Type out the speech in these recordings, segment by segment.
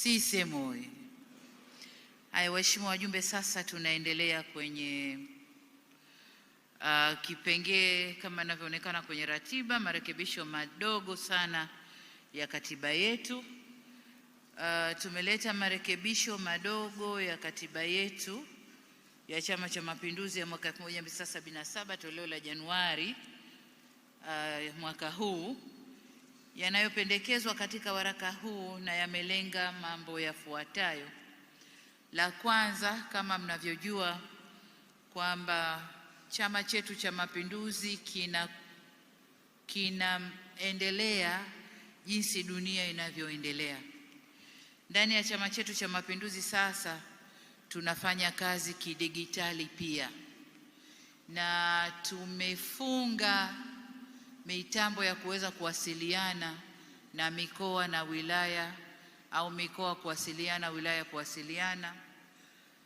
CCM oyee! Haya, waheshimiwa wajumbe, sasa tunaendelea kwenye uh, kipengee kama inavyoonekana kwenye ratiba, marekebisho madogo sana ya katiba yetu. Uh, tumeleta marekebisho madogo ya katiba yetu ya Chama cha Mapinduzi ya mwaka 1977 toleo la Januari uh, mwaka huu yanayopendekezwa katika waraka huu na yamelenga mambo yafuatayo. La kwanza, kama mnavyojua kwamba Chama chetu cha Mapinduzi kina kinaendelea jinsi dunia inavyoendelea. Ndani ya chama chetu cha Mapinduzi sasa tunafanya kazi kidigitali pia, na tumefunga mitambo ya kuweza kuwasiliana na mikoa na wilaya au mikoa kuwasiliana wilaya kuwasiliana,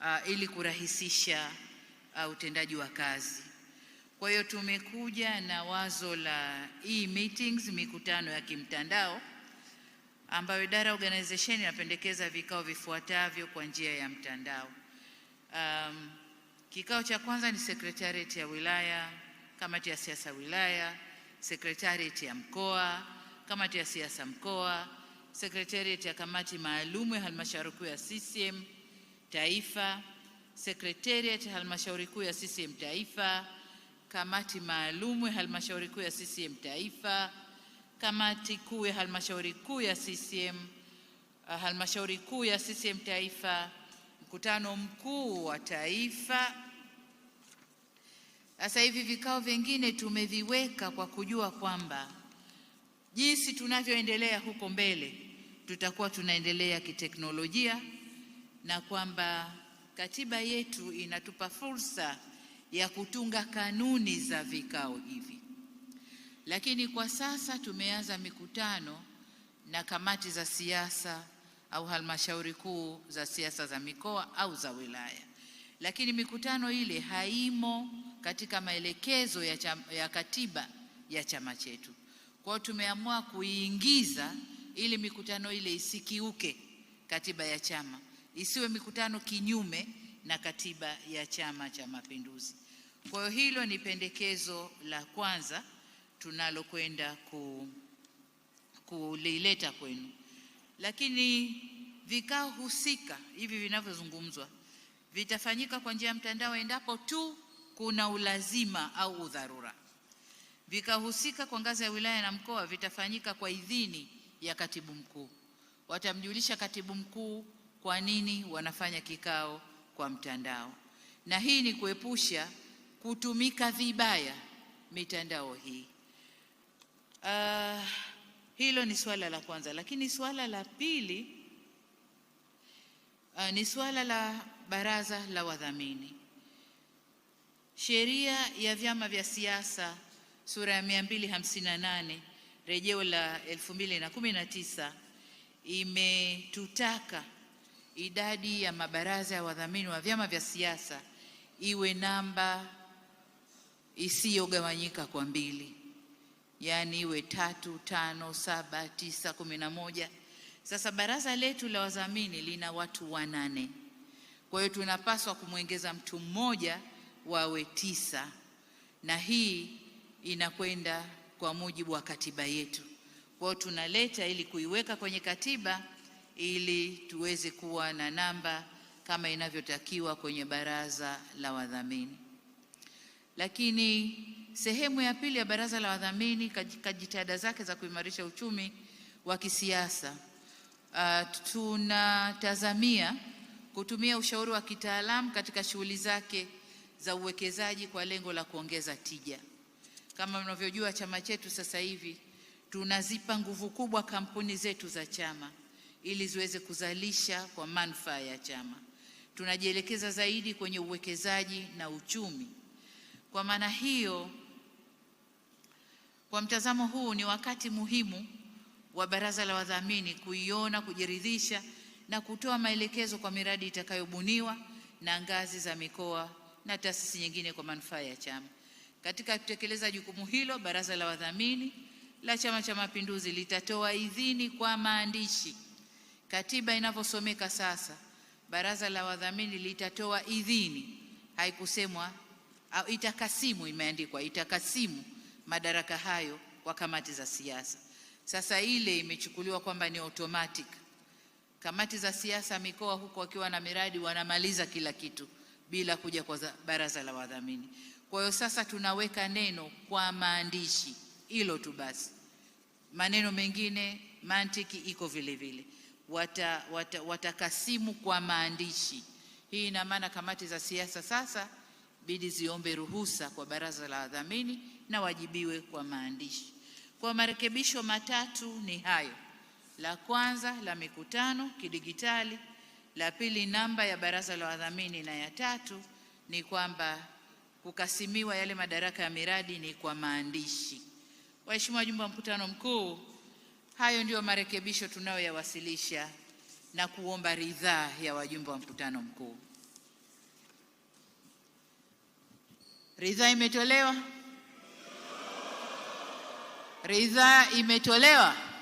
uh, ili kurahisisha uh, utendaji wa kazi. Kwa hiyo tumekuja na wazo la e-meetings, mikutano ya kimtandao ambayo idara ya organization inapendekeza vikao vifuatavyo kwa njia ya mtandao. Um, kikao cha kwanza ni sekretariat ya wilaya, kamati ya siasa wilaya sekretarieti ya mkoa, kamati ya siasa mkoa, sekretarieti ya kamati maalumu ya halmashauri kuu ya CCM taifa, sekretarieti halmashauri kuu ya CCM taifa, kamati maalumu ya halmashauri kuu ya CCM taifa, kamati kuu ya halmashauri kuu ya CCM eh, halmashauri kuu ya CCM taifa, mkutano mkuu wa taifa sasa hivi vikao vingine tumeviweka kwa kujua kwamba jinsi tunavyoendelea huko mbele tutakuwa tunaendelea kiteknolojia, na kwamba katiba yetu inatupa fursa ya kutunga kanuni za vikao hivi. Lakini kwa sasa tumeanza mikutano na kamati za siasa au halmashauri kuu za siasa za mikoa au za wilaya lakini mikutano ile haimo katika maelekezo ya, cha, ya katiba ya chama chetu. Kwa hiyo tumeamua kuiingiza ili mikutano ile isikiuke katiba ya chama, isiwe mikutano kinyume na katiba ya Chama cha Mapinduzi. Kwa hiyo hilo ni pendekezo la kwanza tunalokwenda ku, kulileta kwenu, lakini vikao husika hivi vinavyozungumzwa vitafanyika kwa njia ya mtandao endapo tu kuna ulazima au udharura. Vikahusika kwa ngazi ya wilaya na mkoa vitafanyika kwa idhini ya katibu mkuu. Watamjulisha katibu mkuu kwa nini wanafanya kikao kwa mtandao, na hii ni kuepusha kutumika vibaya mitandao hii. Uh, hilo ni suala la kwanza, lakini suala la pili uh, ni suala la baraza la wadhamini. Sheria ya vyama vya siasa sura ya 258 rejeo la 2019 imetutaka idadi ya mabaraza ya wadhamini wa vyama vya siasa iwe namba isiyogawanyika kwa mbili, yaani iwe tatu, tano, saba, tisa, kumi na moja. Sasa baraza letu la wadhamini lina watu wanane. Kwa hiyo tunapaswa kumwongeza mtu mmoja wawe tisa, na hii inakwenda kwa mujibu wa katiba yetu. Kwa hiyo tunaleta ili kuiweka kwenye katiba ili tuweze kuwa na namba kama inavyotakiwa kwenye baraza la wadhamini. Lakini sehemu ya pili ya baraza la wadhamini katika jitihada zake za kuimarisha uchumi wa kisiasa uh, tunatazamia kutumia ushauri wa kitaalamu katika shughuli zake za uwekezaji kwa lengo la kuongeza tija. Kama mnavyojua, chama chetu sasa hivi tunazipa nguvu kubwa kampuni zetu za chama ili ziweze kuzalisha kwa manufaa ya chama. Tunajielekeza zaidi kwenye uwekezaji na uchumi. Kwa maana hiyo, kwa mtazamo huu, ni wakati muhimu wa baraza la wadhamini kuiona, kujiridhisha na kutoa maelekezo kwa miradi itakayobuniwa na ngazi za mikoa na taasisi nyingine kwa manufaa ya chama. Katika kutekeleza jukumu hilo, baraza la wadhamini la Chama cha Mapinduzi litatoa idhini kwa maandishi. Katiba inavyosomeka sasa, baraza la wadhamini litatoa idhini, haikusemwa itakasimu, imeandikwa itakasimu madaraka hayo kwa kamati za siasa. Sasa ile imechukuliwa kwamba ni automatic Kamati za siasa mikoa huko wakiwa na miradi wanamaliza kila kitu bila kuja kwa baraza la wadhamini. Kwa hiyo sasa tunaweka neno kwa maandishi, hilo tu basi. Maneno mengine mantiki iko vile vile, watakasimu wata, watakasimu kwa maandishi. Hii ina maana kamati za siasa sasa bidi ziombe ruhusa kwa baraza la wadhamini na wajibiwe kwa maandishi. Kwa marekebisho matatu ni hayo la kwanza la mikutano kidigitali, la pili namba ya baraza la wadhamini, na ya tatu ni kwamba kukasimiwa yale madaraka ya miradi ni kwa maandishi. Waheshimiwa wajumbe wa mkutano mkuu, hayo ndiyo marekebisho tunayoyawasilisha na kuomba ridhaa ya wajumbe wa mkutano mkuu. Ridhaa imetolewa. Ridhaa imetolewa.